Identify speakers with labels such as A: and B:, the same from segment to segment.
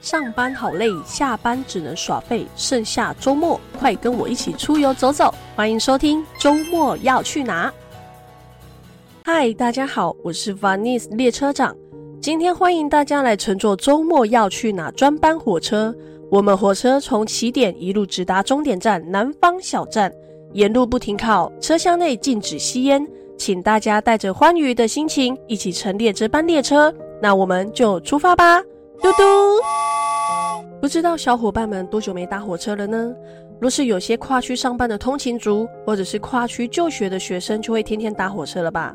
A: 上班好累，下班只能耍廢，剩下周末，快跟我一起出遊走走！歡迎收聽《周末要去哪》。嗨，Hi, 大家好，我是 Varnis 列車長，今天歡迎大家來乘坐《周末要去哪》專班火車。我們火車從起點一路直達終點站南方小站，沿路不停靠，車廂內禁止吸煙，請大家帶着歡愉的心情一起乘列車班列車。那我們就出發吧！嘟嘟，噠噠不知道小伙伴們多久沒搭火車了呢？若是有些跨區上班的通勤族，或者是跨區就學的學生，就會天天搭火車了吧？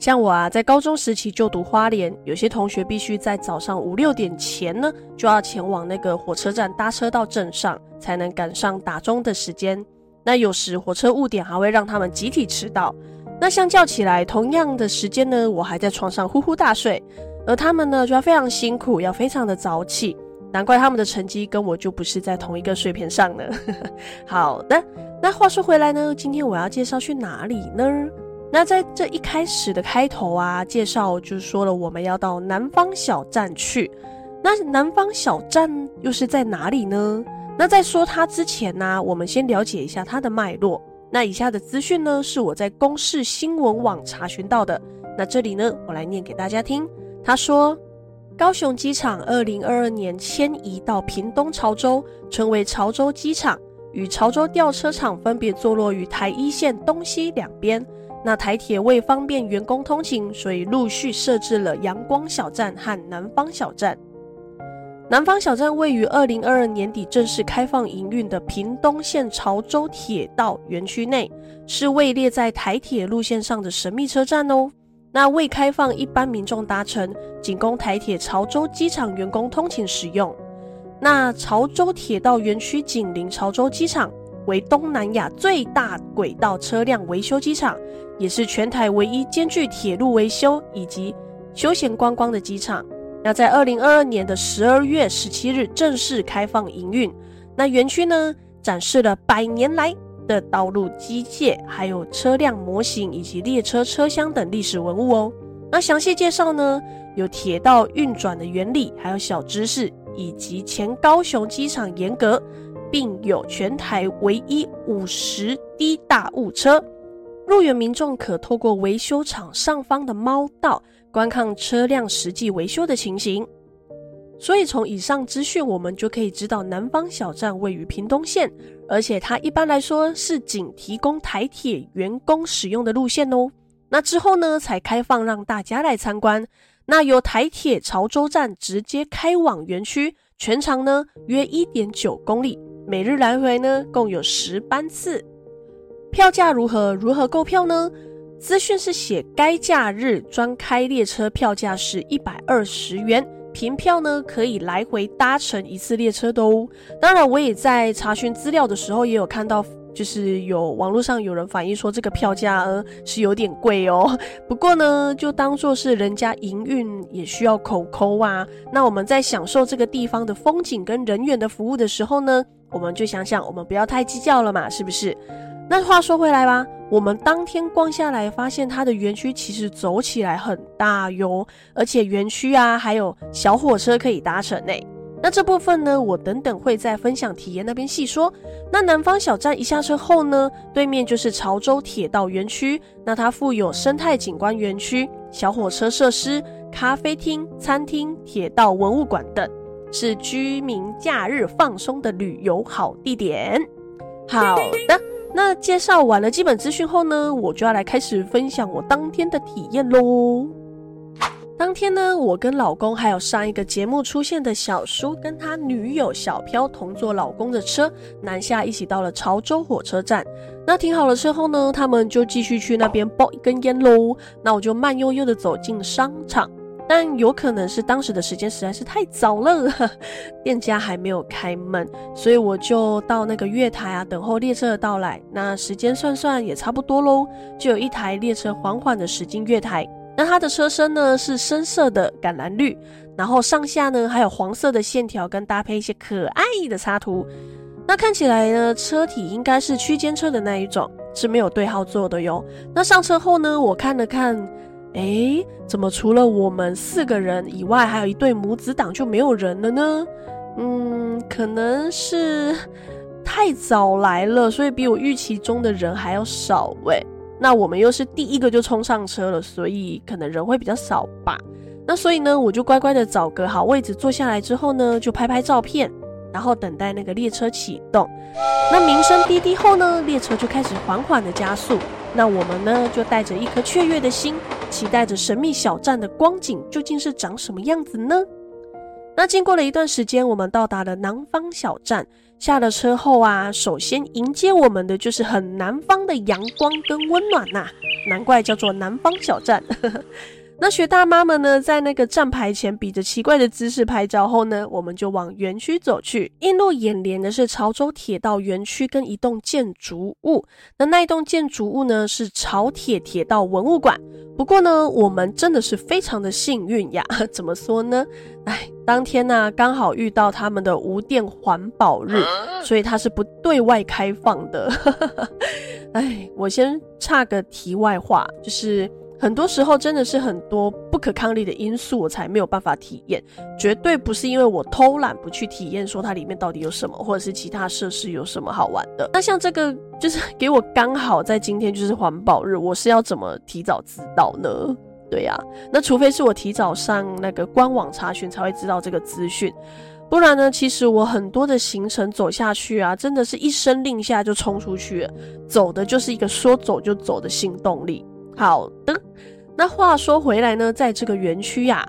A: 像我啊，在高中時期就讀花蓮，有些同學必須在早上五六點前呢，就要前往那個火車站搭車到鎮上，才能趕上打鐘的時間。那有時火車誤點，還會讓他們集體遲到。那相較起來，同樣的時間呢，我還在床上呼呼大睡。而他們呢，就要非常辛苦，要非常的早起，難怪他們的成績跟我就不是在同一個水平上呢。 好的，那話說回來呢，今天我要介紹去哪裡呢？那在這一開始的開頭啊，介紹就是說了，我們要到南方小站去。那南方小站又是在哪裡呢？那在說它之前呢、啊，我們先了解一下它的脈絡。那以下的資訊呢，是我在公視新聞網查詢到的。那這裡呢，我來念給大家聽。他說，高雄機場二零二二年遷移到屏東潮州，成為潮州機場，與潮州調車場分別坐落於台一線東西兩邊。那台鐵為方便員工通勤，所以陸續設置了陽光小站和南方小站。南方小站位於二零二二年底正式開放營運的屏東縣潮州鐵道園區內，是位列在台鐵路線上的神秘車站哦。那未開放，一般民眾搭乘，僅供台鐵潮州機場員工通勤使用。那潮州鐵道園區緊鄰潮州機場，為東南亞最大軌道車輛維修機場，也是全台唯一兼具鐵路維修以及休閒觀光的機場。那在二零二二年的十二月十七日正式開放營運。那園區呢，展示了百年來。的道路機械，還有車輛模型以及列車車廂等歷史文物哦。那詳細介紹呢，有鐵道運轉的原理，還有小知識，以及前高雄機廠沿革，並有全台唯一五十噸大物車。入園民眾可透過維修廠上方的貓道，觀看車輛實際維修的情形。所以，從以上資訊，我們就可以知道，南方小站位於屏東縣，而且它一般來說是僅提供台鐵員工使用的路線哦。那之後呢，才開放讓大家來參觀。那由台鐵潮州站直接開往園區，全長呢約一點九公里，每日來回呢共有十班次。票價如何？如何購票呢？資訊是寫該假日專開列車票價是一百二十元。憑票呢，可以來回搭乘一次列車的哦。當然，我也在查詢資料的時候，也有看到，就是有網絡上有人反映說，這個票價呃是有點貴哦。不過呢，就當做是人家營運也需要口摳啊。那我們在享受這個地方的風景跟人員的服務的時候呢，我們就想想，我們不要太計較了嘛，是不是？那話說回來吧，我們當天逛下來，發現它的園區其實走起來很大喲，而且園區啊還有小火車可以搭乘誒。那這部分呢，我等等會在分享體驗那邊細說。那南方小站一下車後呢，對面就是潮州鐵道園區，那它附有生態景觀園區、小火車設施、咖啡廳、餐廳、鐵道文物館等，是居民假日放鬆的旅遊好地點。好的。那介紹完了基本資訊後呢，我就要來開始分享我當天的體驗嘍。當天呢，我跟老公還有上一個節目出現的小叔跟他女友小飄同坐老公的車南下，一起到了潮州火車站。那停好了車後呢，他們就繼續去那邊包一根菸嘍。那我就慢悠悠的走進商場。但有可能是當時的時間實在是太早了呵呵，店家還沒有開門，所以我就到那個月台啊等候列車的到來。那時間算算也差不多嘍，就有一台列車緩緩的駛進月台。那它的車身呢，是深色的橄欖綠，然後上下呢還有黃色的線條跟搭配一些可愛意的插圖。那看起來呢，車體應該是區間車的那一種，是沒有對號座的喲。那上車後呢，我看了看。誒，怎麼除了我們四個人以外，還有一對母子檔，就沒有人了呢？嗯，可能是太早來了，所以比我預期中的人還要少。誒，那我們又是第一個就衝上車了，所以可能人會比較少吧。那所以呢，我就乖乖的找個好位置坐下來之後呢，就拍拍照片，然後等待那個列車啟動。那鳴聲滴滴後呢，列車就開始緩緩的加速。那我們呢，就帶着一顆雀躍的心。期待着神秘小站的光景究竟是長什麼樣子呢？那經過了一段時間，我們到達了南方小站。下了車後啊，首先迎接我們的就是很南方的陽光跟溫暖吶、啊，難怪叫做南方小站。 那學大媽們呢，在那個站牌前比着奇怪的姿勢拍照後呢，我們就往園區走去。映入眼簾的是潮州鐵道園區跟一棟建築物。那那一棟建築物呢，是潮鐵鐵道文物館。不過呢，我們真的是非常的幸運呀。怎麼說呢？哎，當天呢、啊、剛好遇到他們的無電環保日，所以它是不對外開放的。哎， 我先插個題外話，就是。很多時候真的是很多不可抗力的因素，我才沒有辦法體驗，絕對不是因為我偷懶不去體驗，說它裡面到底有什麼，或者是其他設施有什麼好玩的。那像這個，就是給我剛好在今天就是環保日，我是要怎麼提早知道呢？對啊，那除非是我提早上那個官網查詢才會知道這個資訊，不然呢，其實我很多的行程走下去啊，真的是一聲令下就衝出去了，走的就是一個說走就走的行動力。好的，那話說回來呢，在這個園區呀，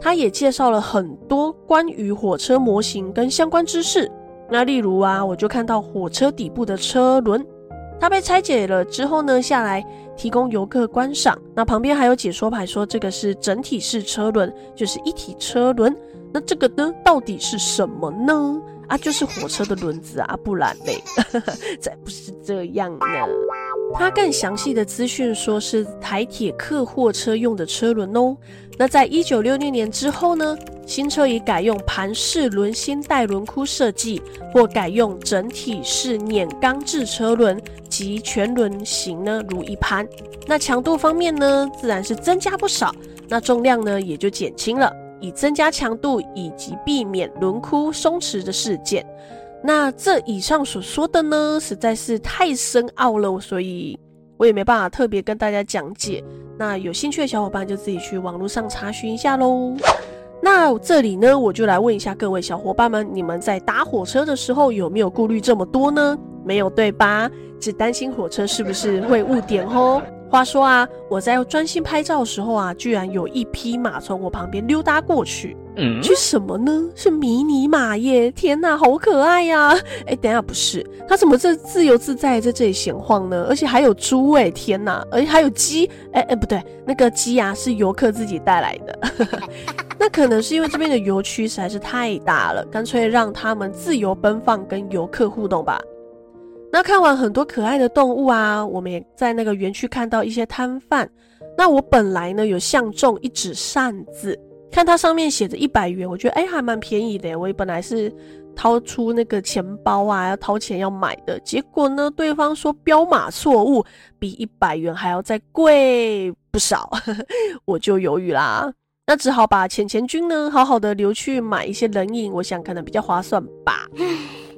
A: 它也介紹了很多關於火車模型跟相關知識。那例如啊，我就看到火車底部的車輪，它被拆解了之後呢，下來提供遊客觀賞。那旁邊還有解說牌說，這個是整體式車輪，就是一體車輪。那這個呢，到底是什麼呢？啊，就是火車的輪子啊，不然嘞，才 不是這樣呢。他更詳細的資訊說是台鐵客貨車用的車輪哦、喔。那在一九六六年之後呢，新車已改用盤式輪心帶輪箍設計，或改用整體式碾鋼制車輪及全輪型呢，如一盤。那強度方面呢，自然是增加不少，那重量呢也就減輕了。以增加強度，以及避免輪箍鬆弛的事件。那這以上所說的呢，實在是太深奧了，所以我也沒辦法特別跟大家講解。那有興趣的小伙伴就自己去網絡上查詢一下嘍。 那這裡呢，我就來問一下各位小伙伴們，你們在搭火車的時候有沒有顧慮這麼多呢？沒有對吧？只擔心火車是不是會誤點哦。話說啊，我在專心拍照的時候啊，居然有一匹馬從我旁邊溜達過去。嗯，這什麼呢？是迷你馬耶！天哪，好可愛呀、啊！哎、欸，等一下不是，它怎麼這自由自在在這裡閒晃呢？而且還有豬哎、欸，天哪！而、欸、且還有雞，哎、欸、哎、欸，不對，那個雞啊是遊客自己帶來的。 那可能是因為這邊的遊區實在是太大了，乾脆讓它們自由奔放，跟遊客互動吧。那看完很多可愛的動物啊，我們也在那個園區看到一些攤販。那我本來呢，有相中一支扇子，看它上面寫着一百元，我覺得哎、欸、還蠻便宜的。我也本來是掏出那個錢包啊，要掏錢要買的。結果呢，對方說標碼錯誤，比一百元還要再貴不少， 我就猶豫啦。那只好把錢錢君呢好好的留去買一些冷飲，我想可能比較划算吧。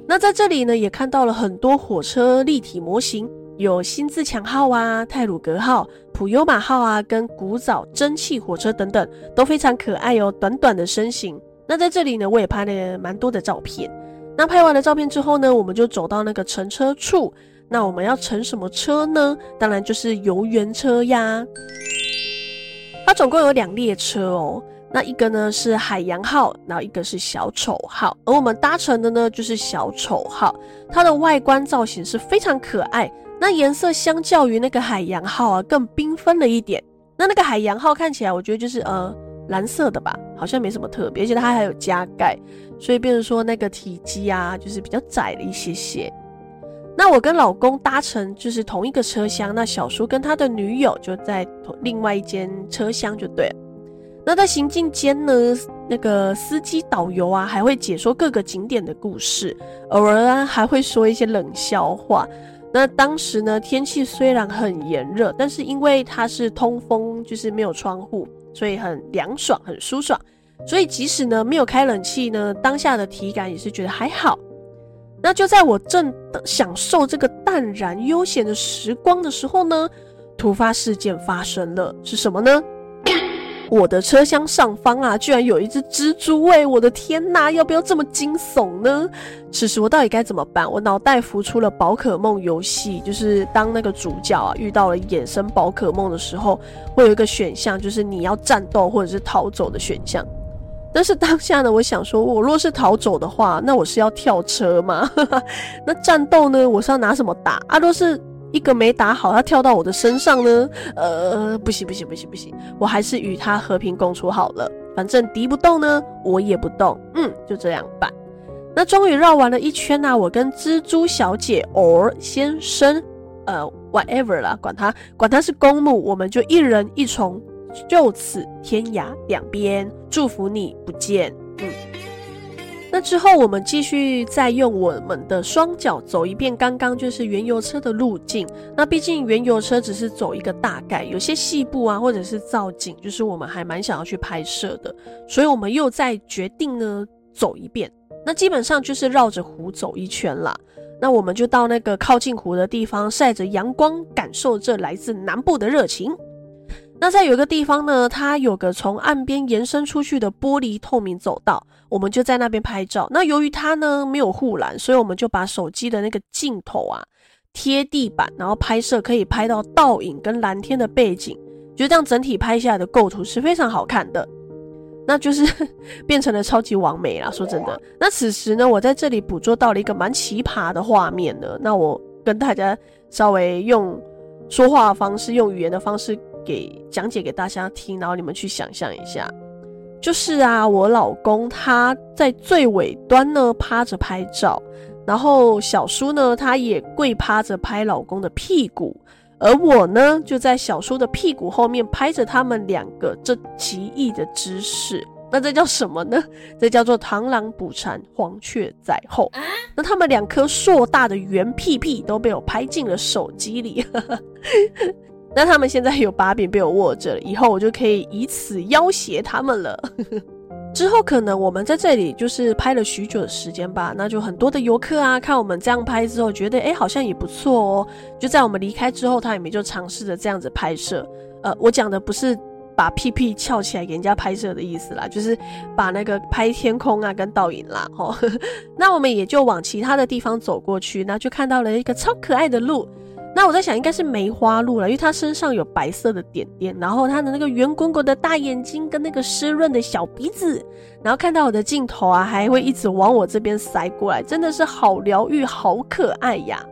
A: 那在這裡呢，也看到了很多火車立體模型，有新自強號啊、太魯閣號、普悠瑪號啊，跟古早蒸汽火車等等，都非常可愛哦、喔。短短的身形。那在這裡呢，我也拍了蠻多的照片。那拍完了照片之後呢，我們就走到那個乘車處。那我們要乘什麼車呢？當然就是遊園車呀。它總共有兩列車哦、喔。那一個呢是海洋號，然後一個是小丑號，而我們搭乘的呢就是小丑號。它的外觀造型是非常可愛，那顏色相較於那個海洋號啊更繽紛了一點。那那個海洋號看起來，我覺得就是呃藍色的吧，好像沒什麼特別，而且它還有加蓋，所以變成說那個體積啊就是比較窄了一些些。那我跟老公搭乘就是同一個車廂，那小叔跟他的女友就在同另外一間車廂就對了。那在行進間呢，那個司機導遊啊，還會解說各個景點的故事，偶爾還會說一些冷笑話。那當時呢，天氣雖然很炎熱，但是因為它是通風，就是沒有窗戶，所以很涼爽，很舒爽。所以即使呢沒有開冷氣呢，當下的體感也是覺得還好。那就在我正享受這個淡然悠閒的時光的時候呢，突發事件發生了，是什麼呢？我的車廂上方啊，居然有一隻蜘蛛、欸！喂，我的天哪、啊，要不要這麼驚悚呢？此時我到底該怎麼辦？我腦袋浮出了寶可夢遊戲，就是當那個主角啊遇到了野生寶可夢的時候，會有一個選項，就是你要戰鬥或者是逃走的選項。但是當下呢，我想說，我若是逃走的話，那我是要跳車嗎？ 那戰鬥呢，我是要拿什麼打啊？若是一個沒打好，它跳到我的身上呢。呃，不行不行不行不行，我還是與它和平共處好了。反正敵不動呢，我也不動。嗯，就這樣辦。那終於繞完了一圈吶、啊，我跟蜘蛛小姐 or 先生，呃，whatever 啦，管他管他是公母，我們就一人一蟲，就此天涯兩邊，祝福你不見。那之後，我們繼續再用我們的雙腳走一遍，剛剛就是原油車的路徑。那畢竟原油車只是走一個大概，有些細部啊，或者是造景，就是我們還蠻想要去拍攝的，所以我們又再決定呢走一遍。那基本上就是繞着湖走一圈啦。那我們就到那個靠近湖的地方，曬着陽光，感受這來自南部的熱情。那在有一個地方呢，它有個從岸邊延伸出去的玻璃透明走道，我們就在那邊拍照。那由於它呢沒有護欄，所以我們就把手機的那個鏡頭啊貼地板，然後拍攝，可以拍到倒影跟藍天的背景，覺得這樣整體拍下來的構圖是非常好看的，那就是 變成了超級完美啦。說真的，那此時呢，我在這裡捕捉到了一個蠻奇葩的畫面的，那我跟大家稍微用說話的方式，用語言的方式。給講解給大家聽，然後你們去想象一下，就是啊，我老公他在最尾端呢趴着拍照，然後小叔呢他也跪趴着拍老公的屁股，而我呢就在小叔的屁股後面拍着他們兩個這奇異的姿勢，那這叫什麼呢？這叫做螳螂捕蟬，黃雀在後。啊、那他們兩顆碩大的圓屁屁都被我拍進了手機裡。 那他們現在有把柄被我握着了，以後我就可以以此要挾他們了。 之後可能我們在這裡就是拍了許久的時間吧，那就很多的遊客啊，看我們這樣拍之後，覺得哎、欸、好像也不錯哦、喔。就在我們離開之後，他們也就嘗試着這樣子拍攝。呃，我講的不是把屁屁翹起來給人家拍攝的意思啦，就是把那個拍天空啊跟倒影啦。哦， 那我們也就往其他的地方走過去，那就看到了一個超可愛的鹿。那我在想，應該是梅花鹿了，因為它身上有白色的點點，然後它的那個圓滾滾的大眼睛跟那個濕潤的小鼻子，然後看到我的鏡頭啊，還會一直往我這邊塞過來，真的是好療癒，好可愛呀！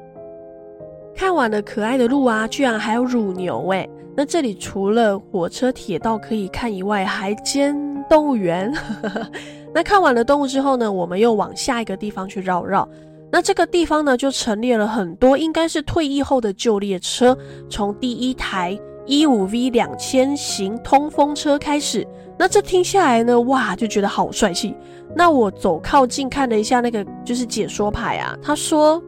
A: 看完了可愛的鹿啊，居然還有乳牛誒、欸。那這裡除了火車鐵道可以看以外，還兼動物園。 那看完了動物之後呢，我們又往下一個地方去繞繞。那這個地方呢，就陳列了很多，應該是退役後的舊列車，從第一台一五 V 兩千型通風車開始。那這聽下來呢，哇，就覺得好帥氣。那我走靠近看了一下，那個就是解說牌啊，他說。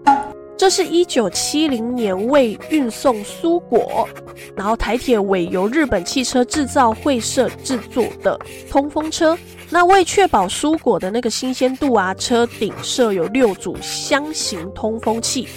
A: 這是一九七零年為運送蔬果，然後台鐵委由日本汽車製造會社製作的通風車。那為確保蔬果的那個新鮮度啊，車頂設有六組箱型通風器。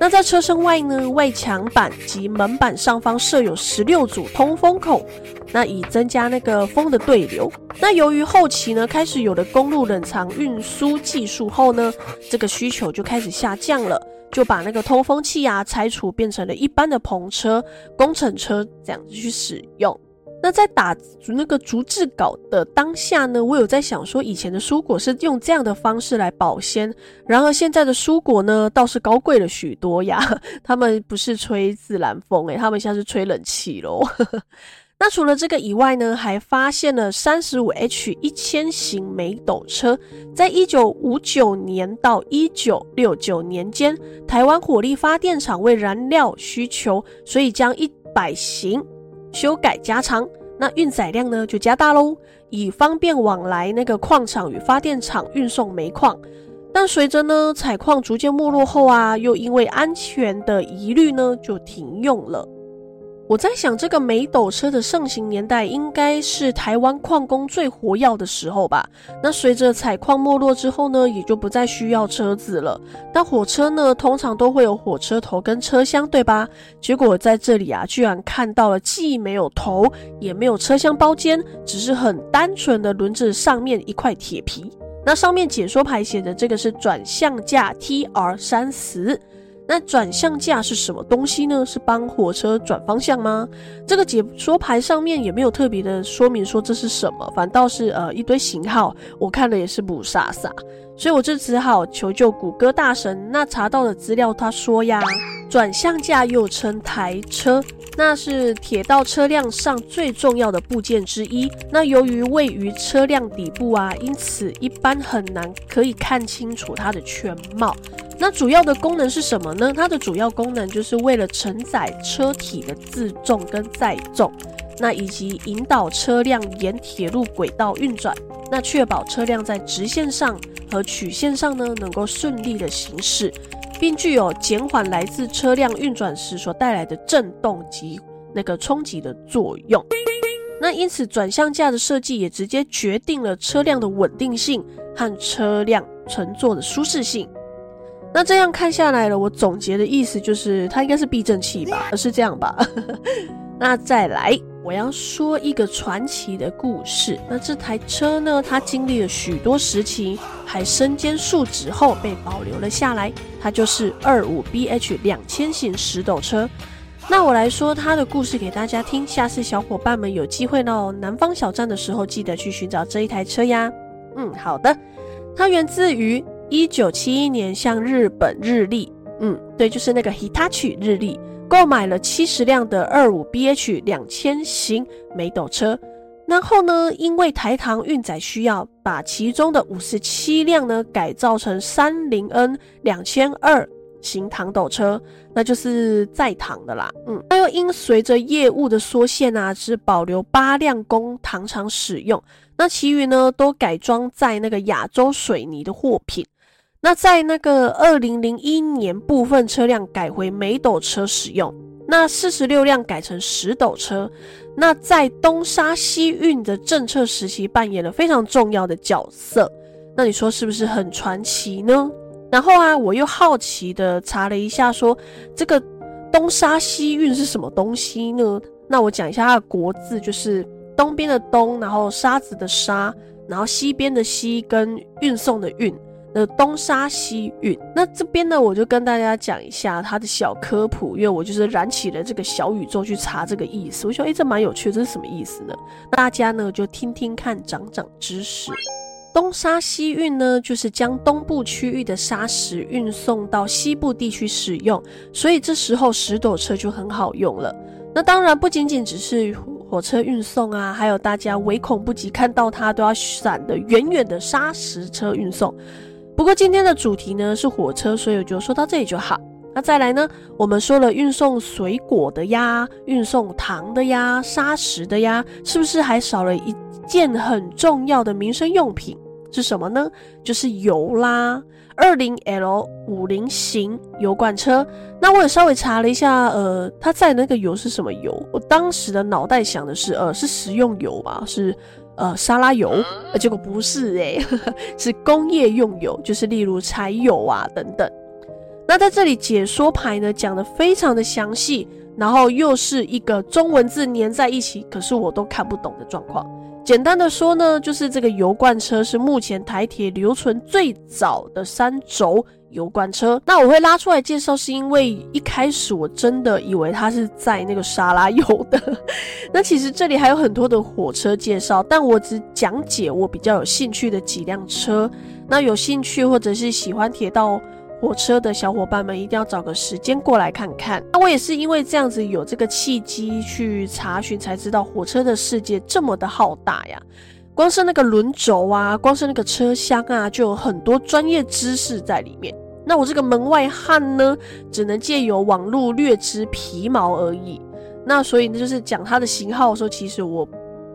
A: 那在車身外呢，外牆板及門板上方設有十六組通風口，那以增加那個風的對流。那由於後期呢，開始有了公路冷藏運輸技術後呢，這個需求就開始下降了。就把那個通風器啊拆除，變成了一般的棚車、工程車這樣子去使用。那在打那個逐字稿的當下呢，我有在想說，以前的蔬果是用這樣的方式來保鮮，然而現在的蔬果呢，倒是高貴了許多呀。他們不是吹自然風誒、欸、他們現在是吹冷氣嘍。 那除了這個以外呢，還發現了三十五 H 一千型煤斗車。在一九五九年到一九六九年間，台灣火力發電廠為燃料需求，所以將一百型修改加長，那運載量呢就加大嘍，以方便往來那個礦場與發電廠運送煤礦。但隨着呢採礦逐漸沒落後啊，又因為安全的疑慮呢，就停用了。我在想，這個煤斗車的盛行年代應該是台灣礦工最活躍的時候吧？那隨着採礦沒落之後呢，也就不再需要車子了。那火車呢，通常都會有火車頭跟車廂，對吧？結果在這裡啊，居然看到了既沒有頭，也沒有車廂包間，只是很單純的輪子上面一塊鐵皮。那上面解說牌寫的這個是轉向架 TR30。那轉向架是什麼東西呢？是幫火車轉方向嗎？這個解說牌上面也沒有特別的說明說這是什麼，反倒是呃一堆型號，我看了也是霧煞煞。所以我就只好求救谷歌大神。那查到的資料，他說呀，轉向架又稱台車，那是鐵道車輛上最重要的部件之一。那由於位於車輛底部啊，因此一般很難可以看清楚它的全貌。那主要的功能是什麼呢？它的主要功能就是為了承載車體的自重跟載重。那以及引導車輛沿鐵路軌道運轉，那確保車輛在直線上和曲線上呢，能夠順利的行駛，並具有減緩來自車輛運轉時所帶來的震動及那個衝擊的作用。那因此轉向架的設計也直接決定了車輛的穩定性和車輛乘坐的舒適性。那這樣看下來了，我總結的意思就是它應該是避震器吧？是這樣吧？ 那再來。我要說一個傳奇的故事。那這台車呢？它經歷了許多時期，還身兼數職後被保留了下來。它就是二五 B H 兩千型石斗車。那我來說它的故事給大家聽。下次小夥伴們有機會到南方小站的時候，記得去尋找這一台車呀。嗯，好的。它源自於一九七一年，向日本日立。嗯，對，就是那個 Hitachi 日立。購買了七十輛的二五 B H 兩千型煤斗車，然後呢，因為台糖運載需要，把其中的五十七輛呢改造成三零 N 兩千二型糖斗車，那就是載糖的啦。嗯，那又因隨着業務的縮限啊，只保留八輛供糖廠使用，那其餘呢都改裝在那個亞洲水泥的貨品。那在那個二零零一年，部分車輛改回煤斗車使用，那四十六輛改成石斗車。那在東沙西運的政策時期，扮演了非常重要的角色。那你說是不是很傳奇呢？然後啊，我又好奇的查了一下說，說這個東沙西運是什麼東西呢？那我講一下它的國字，就是東邊的東，然後沙子的沙，然後西邊的西跟運送的運。那、呃、東沙西運，那這邊呢，我就跟大家講一下它的小科普，因為我就是燃起了這個小宇宙去查這個意思。我想，誒、欸，這蠻有趣，這是什麼意思呢？那大家呢，就聽聽看，長長知識。東沙西運呢，就是將東部區域的沙石運送到西部地區使用，所以這時候石斗車就很好用了。那當然，不僅僅只是火車運送啊，還有大家唯恐不及看到它都要閃得遠遠的沙石車運送。不過今天的主題呢，是火車，所以我就說到這裡就好。那再來呢，我們說了運送水果的呀，運送糖的呀，砂石的呀，是不是還少了一件很重要的民生用品？是什麼呢？就是油啦。二零 L 五零型油罐車。那我也稍微查了一下，呃，它載那個油是什麼油？我當時的腦袋想的是，呃，是食用油吧？是。呃，沙拉油，結果不是哎、欸，是工業用油，就是例如柴油啊等等。那在這裡解說牌呢，講得非常的詳細，然後又是一個中文字粘在一起，可是我都看不懂的狀況。簡單的說呢，就是這個油罐車是目前台鐵留存最早的三軸。油罐車，那我會拉出來介紹，是因為一開始我真的以為它是在那個沙拉油的。 那其實這裡還有很多的火車介紹，但我只講解我比較有興趣的幾輛車。那有興趣或者是喜歡鐵道火車的小夥伴們，一定要找個時間過來看看。那我也是因為這樣子有這個契機去查詢，才知道火車的世界這麼的浩大呀。光是那個輪軸啊，光是那個車廂啊，就有很多專業知識在裡面。那我這個門外漢呢，只能借由網絡略知皮毛而已。那所以呢，就是講它的型號的時候，其實我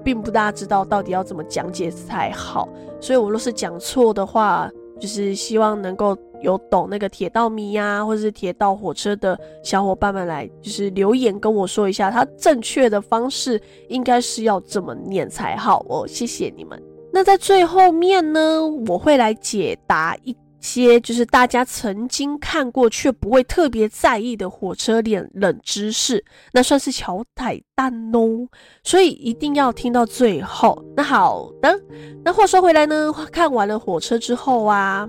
A: 並不大知道到底要怎麼講解才好。所以我若是講錯的話，就是希望能夠有懂那個鐵道迷呀、啊，或是鐵道火車的小伙伴們來，就是留言跟我說一下，它正確的方式應該是要怎麼念才好哦。謝謝你們。那在最後面呢，我會來解答一。些就是大家曾經看過卻不會特別在意的火車臉冷知識，那算是巧彩蛋哦。所以一定要聽到最後。那好的，那話說回來呢，看完了火車之後啊，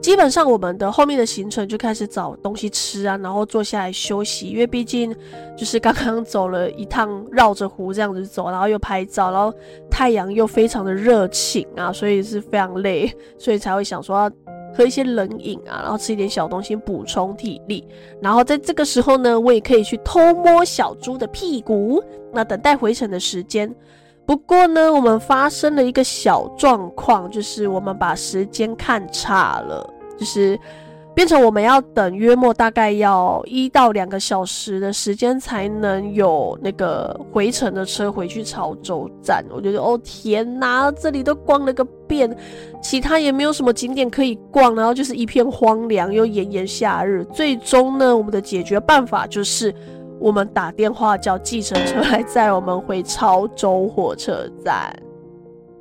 A: 基本上我們的後面的行程就開始找東西吃啊，然後坐下來休息，因為畢竟就是剛剛走了一趟，繞着湖這樣子走，然後又拍照，然後太陽又非常的熱情啊，所以是非常累，所以才會想說啊。喝一些冷飲啊，然後吃一點小東西補充體力，然後在這個時候呢，我也可以去偷摸小豬的屁股，那等待回程的時間。不過呢，我們發生了一個小狀況，就是我們把時間看差了，就是。變成我們要等約莫大概要一到兩個小時的時間才能有那個回程的車回去潮州站。我覺得，哦，天哪，這裡都逛了個遍，其他也沒有什麼景點可以逛，然後就是一片荒涼，又炎炎夏日。最終呢，我們的解決辦法就是我們打電話叫計程車來載我們回潮州火車站。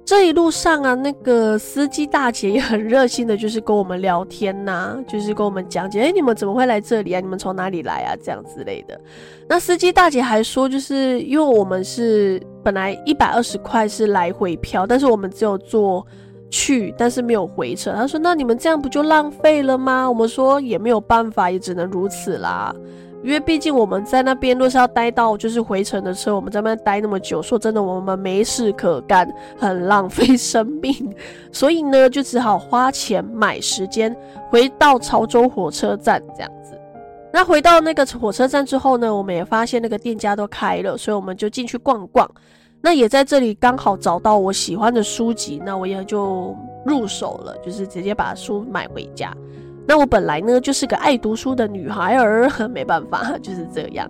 A: 這一路上啊，那個司機大姐也很熱心的，就是跟我們聊天吶、啊，就是跟我們講解，哎、欸，你們怎麼會來這裡啊？你們從哪裡來啊？這樣之類的。那司機大姐還說，就是因為我們是本來一百二十塊是來回票，但是我們只有坐去，但是沒有回程。她說，那你們這樣不就浪費了嗎？我們說也沒有辦法，也只能如此啦。因為畢竟我們在那邊，若是要待到就是回程的車，我們在那邊待那麼久，說真的，我們沒事可幹，很浪費生命， 所以呢，就只好花錢買時間，回到潮州火車站這樣子。那回到那個火車站之後呢，我們也發現那個店家都開了，所以我們就進去逛逛。那也在這裡剛好找到我喜歡的書籍，那我也就入手了，就是直接把書買回家。那我本來呢，就是個愛讀書的女孩兒，沒辦法，就是這樣。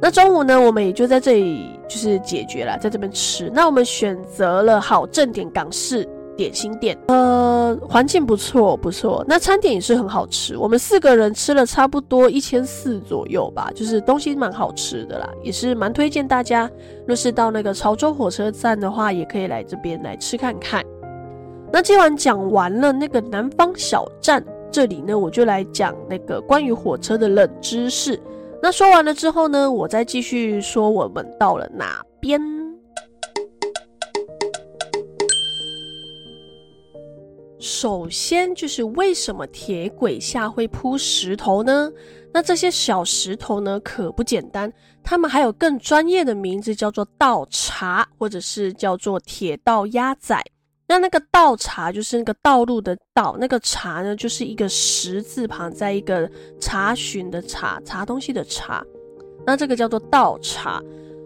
A: 那中午呢，我們也就在這裡就是解決了，在這邊吃。那我們選擇了好正點港式點心店，呃，環境不錯，不錯。那餐點也是很好吃，我們四個人吃了差不多一千四左右吧，就是東西蠻好吃的啦，也是蠻推薦大家。若是到那個潮州火車站的話，也可以來這邊來吃看看。那今晚講完了那個南方小站。這裡呢，我就來講那個關於火車的冷知識。那說完了之後呢，我再繼續說我們到了哪邊。首先就是為什麼鐵軌下會鋪石頭呢？那這些小石頭呢，可不簡單，它們還有更專業的名字，叫做道碴，或者是叫做鐵道壓載。那那個道碴，就是那個道路的道，那個碴呢，就是一個十字旁在一個查詢的查，查東西的查，那這個叫做道碴。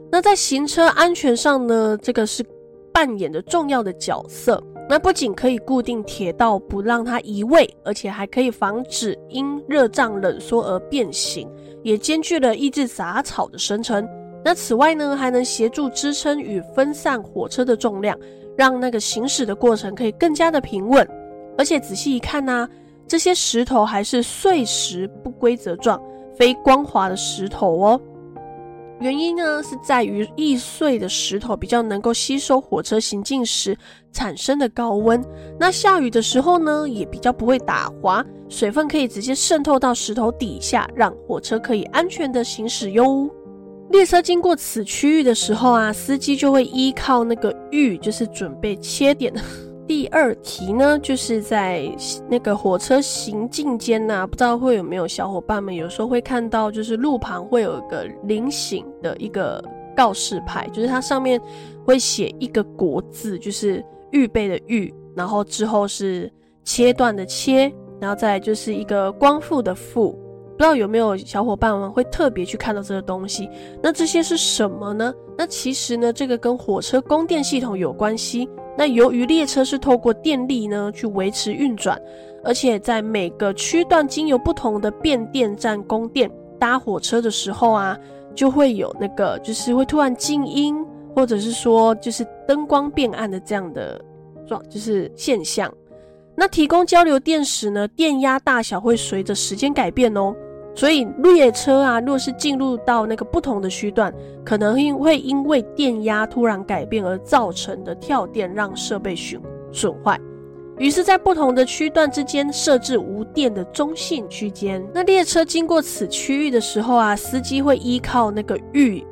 A: 那在行車安全上呢，這個是扮演着重要的角色。那不僅可以固定鐵道，不讓它移位，而且還可以防止因熱脹冷縮而變形，也兼具了抑制雜草的生成。那此外呢，還能協助支撐與分散火車的重量。讓那個行駛的過程可以更加的平穩，而且仔細一看呢，這些石頭還是碎石不規則狀、非光滑的石頭哦。原因呢是在於易碎的石頭比較能夠吸收火車行進時產生的高溫，那下雨的時候呢也比較不會打滑，水分可以直接滲透到石頭底下，讓火車可以安全的行駛喲。列車經過此區域的時候啊，司機就會依靠那個“預”，就是準備切點。 第二題呢，就是在那個火車行進間吶，不知道會有沒有小伙伴們，有時候會看到，就是路旁會有一個菱形的一個告示牌，就是它上面會寫一個“國”字，就是預備的“預”，然後之後是切斷的“切”，然後再來就是一個光復的“復”。不知道有沒有小夥伴們會特別去看到這個東西？那這些是什麼呢？那其實呢，這個跟火車供電系統有關係。那由於列車是透過電力呢去維持運轉，而且在每個區段經由不同的變電站供電。搭火車的時候啊，就會有那個就是會突然靜音，或者是說就是燈光變暗的這樣的狀，就是現象。那提供交流電時呢，電壓大小會隨着時間改變哦。所以，列車啊，若是進入到那個不同的區段，可能因會因為電壓突然改變而造成的跳電，讓設備損損壞。於是，在不同的區段之間設置無電的中性區間。那列車經過此區域的時候啊，司機會依靠那個預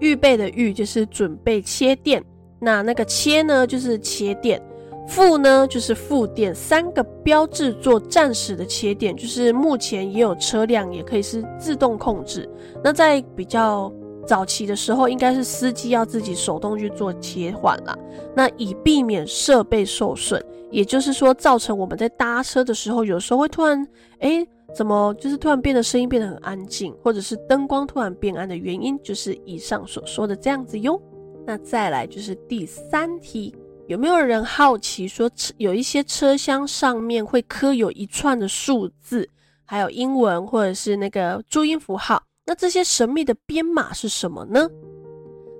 A: 預備的預，就是準備切電。那那個切呢，就是切電。負呢，就是負電，三個標志做暫時的切點，就是目前也有車輛也可以是自動控制。那在比較早期的時候，應該是司機要自己手動去做切換啦。那以避免設備受損，也就是說造成我們在搭車的時候，有時候會突然，誒，怎麼，就是突然變得聲音變得很安靜，或者是燈光突然變暗的原因，就是以上所說的這樣子喲。那再來就是第三題。有沒有人好奇說，有一些車廂上面會刻有一串的數字，還有英文或者是那個注音符號？那這些神秘的編碼是什麼呢？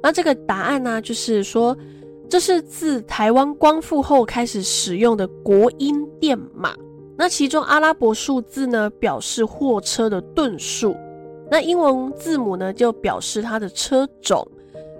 A: 那這個答案呢、啊，就是說，這是自台灣光復後開始使用的國音電碼。那其中阿拉伯數字呢，表示貨車的噸數；那英文字母呢，就表示它的車種，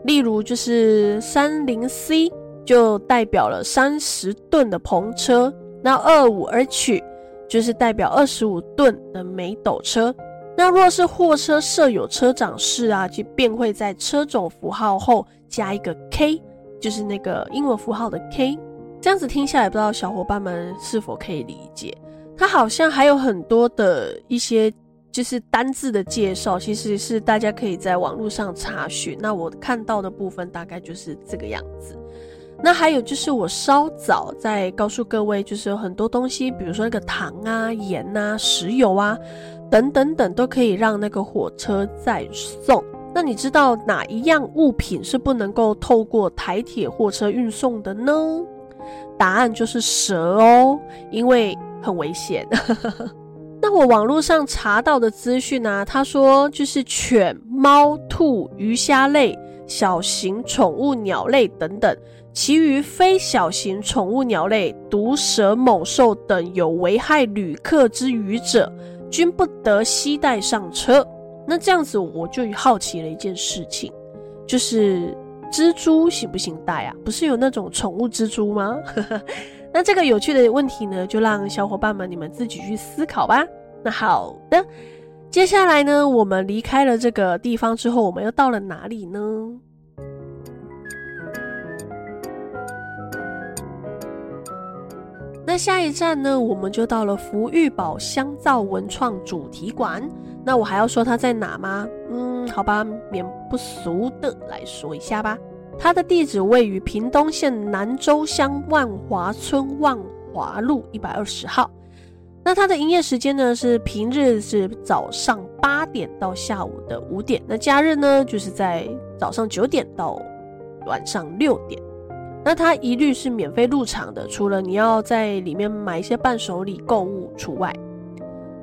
A: 例如就是三零 C。就代表了三十噸的篷車，那二五 H 就是代表二十五噸的煤斗車。那若是貨車設有車長室啊，就便會在車種符號後加一個 K，就是那個英文符號的 K。這樣子聽下來，不知道小伙伴們是否可以理解？它好像還有很多的一些就是單字的介紹，其實是大家可以在網絡上查詢。那我看到的部分大概就是這個樣子。那還有就是我稍早在告訴各位，就是有很多東西，比如說那個糖啊、鹽啊、石油啊，等等等，都可以讓那個火車載送。那你知道哪一樣物品是不能夠透過台鐵貨車運送的呢？答案就是蛇哦，因為很危險。 那我網絡上查到的資訊啊，他說就是犬、貓、兔、魚蝦類、小型寵物、鳥類等等。其餘非小型寵物鳥類、毒蛇、猛獸等有危害旅客之虞者，均不得攜帶上車。那這樣子我就好奇了一件事情，就是蜘蛛行不行帶啊？不是有那種寵物蜘蛛嗎？呵呵，那這個有趣的問題呢，就讓小夥伴們你們自己去思考吧。那好的，接下來呢，我們離開了這個地方之後，我們又到了哪裡呢？那下一站呢？我們就到了芙玉寶香皂文創主題館。那我還要說它在哪嗎？嗯，好吧，免不俗的來說一下吧。它的地址位於屏東縣南州鄉萬華村萬華路一百二十號。那它的營業時間呢？是平日是早上八點到下午的五點。那假日呢？就是在早上九點到晚上六點。那它一律是免費入場的，除了你要在裡面買一些伴手禮購物除外。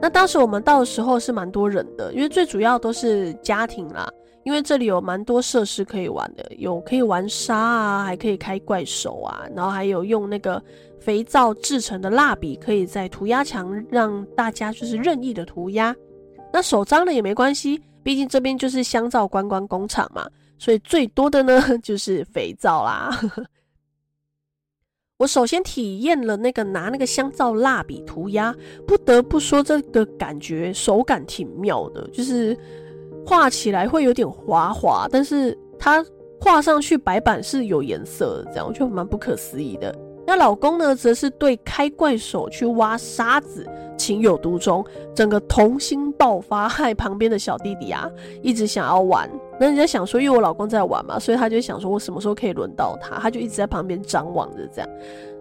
A: 那當時我們到的時候是蠻多人的，因為最主要都是家庭啦，因為這裡有蠻多設施可以玩的，有可以玩沙啊，還可以開怪獸啊，然後還有用那個肥皂製成的蠟筆可以在塗鴉牆讓大家就是任意的塗鴉。那手髒了也沒關係，畢竟這邊就是香皂觀光工廠嘛，所以最多的呢就是肥皂啦。 我首先體驗了那個拿那個香皂蠟筆塗鴉，不得不說這個感覺手感挺妙的，就是畫起來會有點滑滑，但是它畫上去白板是有顏色的，這樣我覺得蠻不可思議的。那老公呢，則是對開怪手去挖沙子，情有獨鍾，整個童心爆發，害旁邊的小弟弟啊，一直想要玩。那人家想說，因為我老公在玩嘛，所以他就想說，我什麼時候可以輪到他？他就一直在旁邊張望着這樣。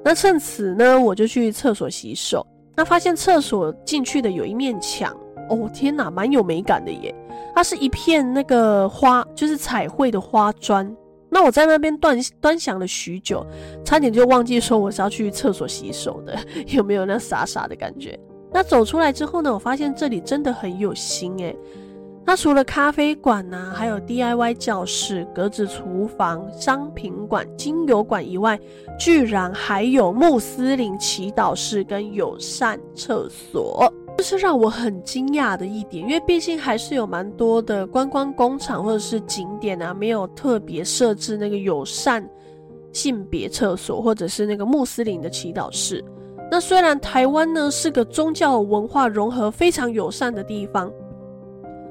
A: 那趁此呢，我就去廁所洗手。那發現廁所進去的有一面牆，哦天哪，蠻有美感的耶！它是一片那個花，就是彩繪的花磚。那我在那邊端端詳了許久，差點就忘記說我是要去廁所洗手的，有沒有那傻傻的感覺？那走出來之後呢？我發現這裡真的很有心哎、欸。那除了咖啡館吶、啊，還有 DIY 教室、格子廚房、商品館、精油館以外，居然還有穆斯林祈禱室跟友善廁所，這，就是讓我很驚訝的一點。因為畢竟還是有蠻多的觀光工廠或者是景點啊，沒有特別設置那個友善性別廁所，或者是那個穆斯林的祈禱室。那雖然台灣呢是個宗教文化融合非常友善的地方，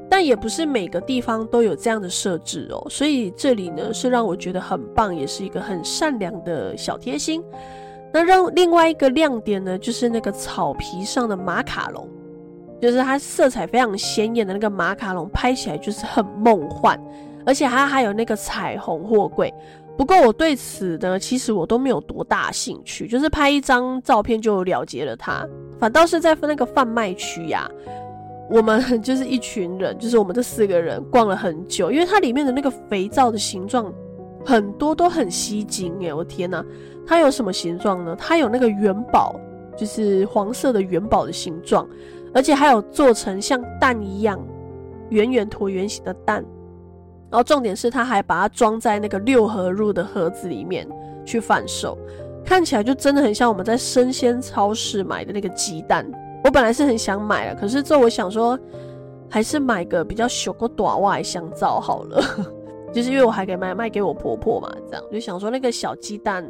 A: 但也不是每個地方都有這樣的設置哦、喔。所以這裡呢是讓我覺得很棒，也是一個很善良的小貼心。那讓另外一個亮點呢，就是那個草皮上的馬卡龍，就是它色彩非常顯眼的那個馬卡龍，拍起來就是很夢幻，而且它還有那個彩虹貨櫃。不過我對此呢，其實我都沒有多大興趣，就是拍一張照片就了結了它。反倒是在那個販賣區呀、啊，我們就是一群人，就是我們這四個人逛了很久，因為它裡面的那個肥皂的形狀很多都很吸睛哎，我天哪！它有什麼形狀呢？它有那個元寶，就是黃色的元寶的形狀，而且還有做成像蛋一樣圓圓橢圓形的蛋。然後重點是，他還把它裝在那個六盒入的盒子裡面去販售，看起來就真的很像我們在生鮮超市買的那個雞蛋。我本來是很想買的，可是這我想說，還是買個比較小個短襪香皂好了， 就是因為我還給賣賣給我婆婆嘛，這樣就想說那個小雞蛋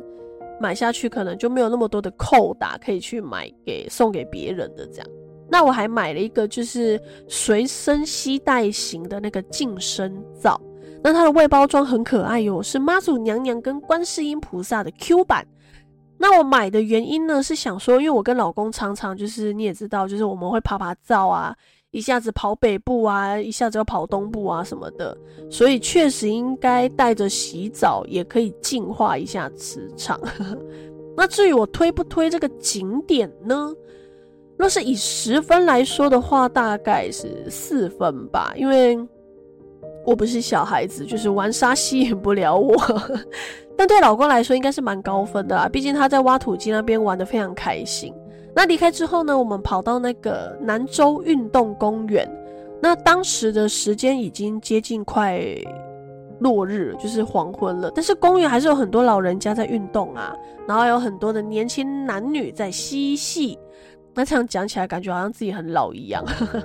A: 買下去可能就沒有那麼多的扣打可以去買給送給別人的這樣。那我還買了一個就是隨身攜帶型的那個淨身皂。那它的外包裝很可愛喲、哦,是媽祖娘娘跟觀世音菩薩的 Q 版。那我買的原因呢，是想說，因為我跟老公常常就是你也知道，就是我們會爬爬灶啊，一下子跑北部啊，一下子要跑東部啊什麼的，所以確實應該帶着洗澡也可以淨化一下磁場。 那至於我推不推這個景點呢？若是以十分來說的話，大概是四分吧，因為。我不是小孩子，就是玩沙吸引不了我。但 對老公來說應該是蠻高分的啦，畢竟他在挖土機那邊玩得非常開心。那離開之後呢，我們跑到那個南州運動公園。那當時的時間已經接近快落日，就是黃昏了。但是公園還是有很多老人家在運動啊，然後還有很多的年輕男女在嬉戲。那這樣講起來，感覺好像自己很老一樣呵呵。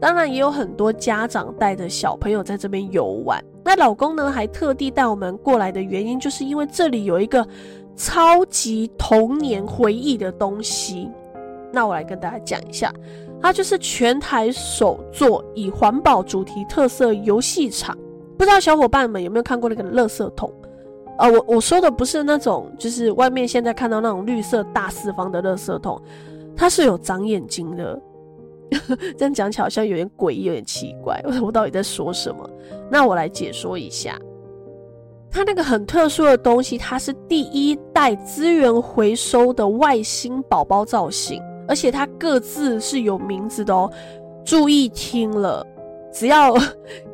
A: 當然，也有很多家長帶着小朋友在這邊遊玩。那老公呢，還特地帶我們過來的原因，就是因為這裡有一個超級童年回憶的東西。那我來跟大家講一下，它就是全台首座以環保主題特色遊戲場。不知道小夥伴們有沒有看過那個垃圾桶？呃，我我說的不是那種，就是外面現在看到那種綠色大四方的垃圾桶。他是有長眼睛的， 這樣講起來好像有點詭異、有點奇怪。我到底在說什麼？那我來解說一下。他那個很特殊的東西，它是第一代資源回收的外星寶寶造型，而且它各自是有名字的哦。注意聽了，只要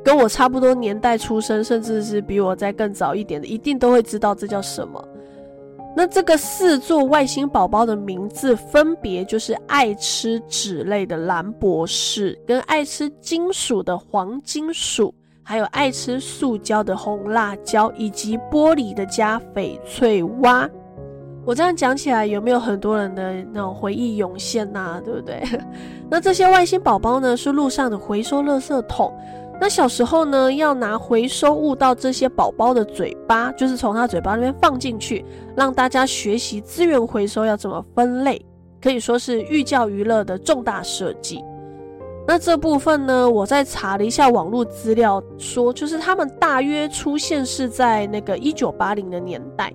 A: 跟我差不多年代出生，甚至是比我再更早一點的，一定都會知道這叫什麼。那這個四座外星寶寶的名字分別就是愛吃紙類的藍博士，跟愛吃金屬的黃金屬，還有愛吃塑膠的紅辣椒，以及玻璃的加翡翠蛙。我這樣講起來，有沒有很多人的那種回憶湧現吶、啊？對不對？ 那這些外星寶寶呢，是路上的回收垃圾桶。那小時候呢，要拿回收物到這些寶寶的嘴巴，就是從他嘴巴那邊放進去，讓大家學習資源回收要怎麼分類，可以說是寓教於樂的重大設計。那這部分呢，我在查了一下網絡資料，說就是他們大約出現是在那個一九八零的年代。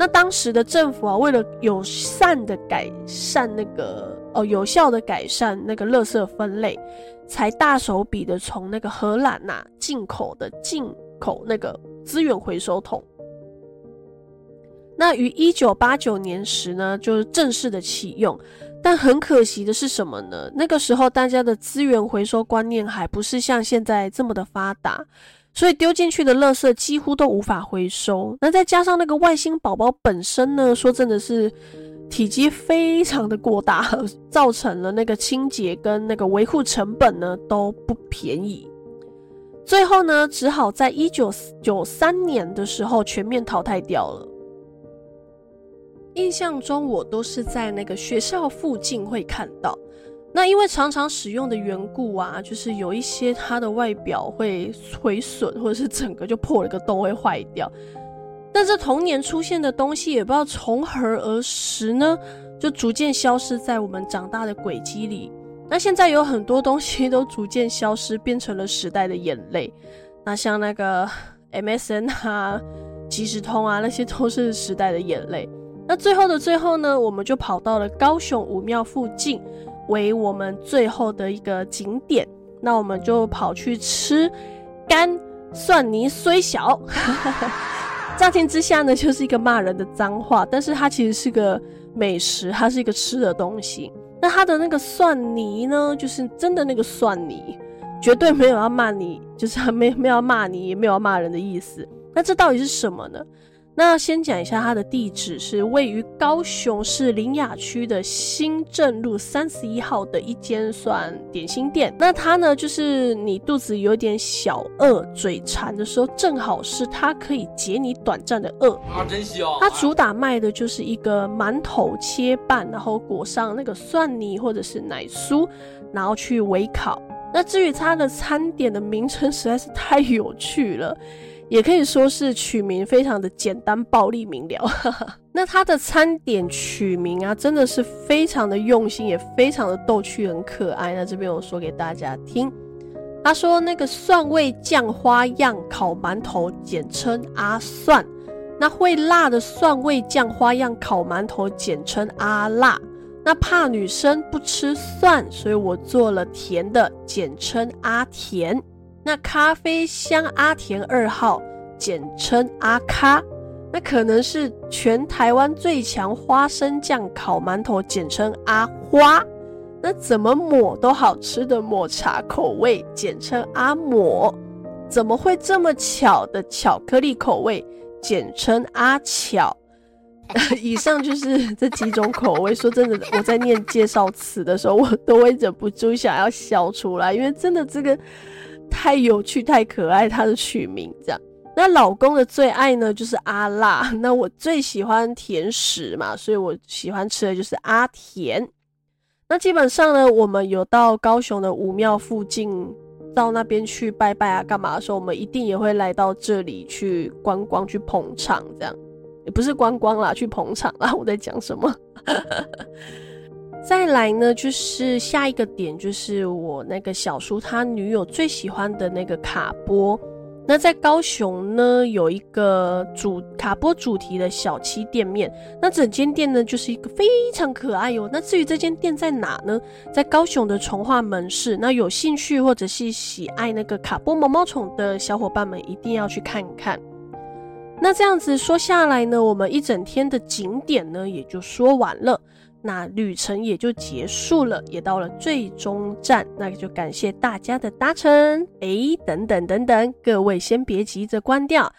A: 那當時的政府啊，為了友善的改善那個哦，有效的改善那個垃圾分類，才大手筆的從那個荷蘭吶進口的進口那個資源回收桶。那於一九八九年時呢，就是正式的啟用。但很可惜的是什麼呢？那個時候大家的資源回收觀念還不是像現在這麼的發達。所以丟進去的垃圾幾乎都無法回收，那再加上那個外星寶寶本身呢，說真的是體積非常的過大，造成了那個清潔跟那個維護成本呢都不便宜，最後呢只好在一九九三年的時候全面淘汰掉了。印象中我都是在那個學校附近會看到。那因為常常使用的緣故啊，就是有一些它的外表會毀損，損，或者是整個就破了個洞會壞掉。但這童年出現的東西也不知道從何而始呢，就逐漸消失在我們長大的軌跡裡。那現在有很多東西都逐漸消失，變成了時代的眼淚。那像那個 MSN 啊、即時通啊，那些都是時代的眼淚。那最後的最後呢，我們就跑到了高雄武廟附近，為我們最後的一個景點，那我們就跑去吃乾蒜泥，雖小， 乍聽之下呢，就是一個罵人的髒話，但是它其實是個美食，它是一個吃的東西。那它的那個蒜泥呢，就是真的那個蒜泥，絕對沒有要罵你，就是沒沒有要罵你，也沒有要罵人的意思。那這到底是什麼呢？那要先講一下它的地址是位於高雄市苓雅區的新政路三十一號的一間算點心店。那它呢，就是你肚子有點小餓、嘴饞的時候，正好是它可以解你短暫的餓啊，真香、哦！它主打賣的就是一個饅頭切半，然後裹上那個蒜泥或者是奶酥，然後去微烤。那至於它的餐點的名稱實在是太有趣了。也可以說是取名非常的簡單、暴力，明、明了那他的餐點取名啊，真的是非常的用心，也非常的逗趣、很可愛。那這邊我說給大家聽，他說那個蒜味醬花樣烤饅頭，簡稱阿蒜。那會辣的蒜味醬花樣烤饅頭，簡稱阿辣。那怕女生不吃蒜，所以我做了甜的，簡稱阿甜。那咖啡香阿田二號，簡稱阿咖。那可能是全台灣最強花生醬烤饅頭，簡稱阿花。那怎麼抹都好吃的抹茶口味，簡稱阿抹。怎麼會這麼巧的巧克力口味，簡稱阿巧？ 以上就是這幾種口味。說真的，我在念介紹詞的時候，我都會忍不住想要笑出來，因為真的這個。太有趣，太可愛，它的取名這樣。那老公的最愛呢，就是阿辣。那我最喜歡甜食嘛，所以我喜歡吃的就是阿甜。那基本上呢，我們有到高雄的武廟附近，到那邊去拜拜啊，幹嘛的時候，我們一定也會來到這裡去觀光，去捧場這樣。也不是觀光啦，去捧場啦。我在講什麼？ 再來呢，就是下一個點，就是我那個小叔他女友最喜歡的那個卡波。那在高雄呢，有一個主卡波主題的小七店面。那整間店呢，就是一個非常可愛喲、喔。那至於這間店在哪呢？在高雄的從化門市。那有興趣或者是喜愛那個卡波毛毛蟲的小夥伴們，一定要去看一看。那這樣子說下來呢，我們一整天的景點呢，也就說完了。那旅程也就結束了，也到了最終站。那也就感謝大家的搭乘。誒、欸，等等等等，各位先別急着關掉。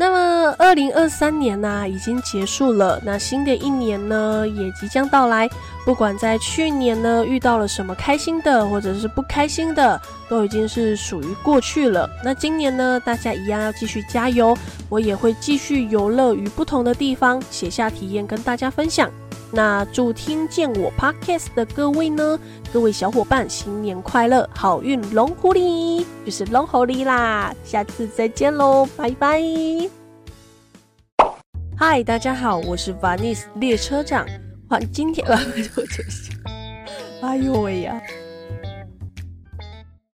A: 那麼，二零二三年呢、啊、已經結束了，那新的一年呢也即將到來。不管在去年呢遇到了什麼開心的或者是不開心的，都已經是屬於過去了。那今年呢，大家一樣要繼續加油。我也會繼續遊樂於不同的地方，寫下體驗跟大家分享。那祝聽見我 podcast 的各位呢，各位小伙伴新年快樂，好運龍狐狸就是龍狐狸啦！下次再見嘍，拜拜！嗨，大家好，我是 Varnis 列車長，今天啊，我就是，哎呦喂、哎、呀！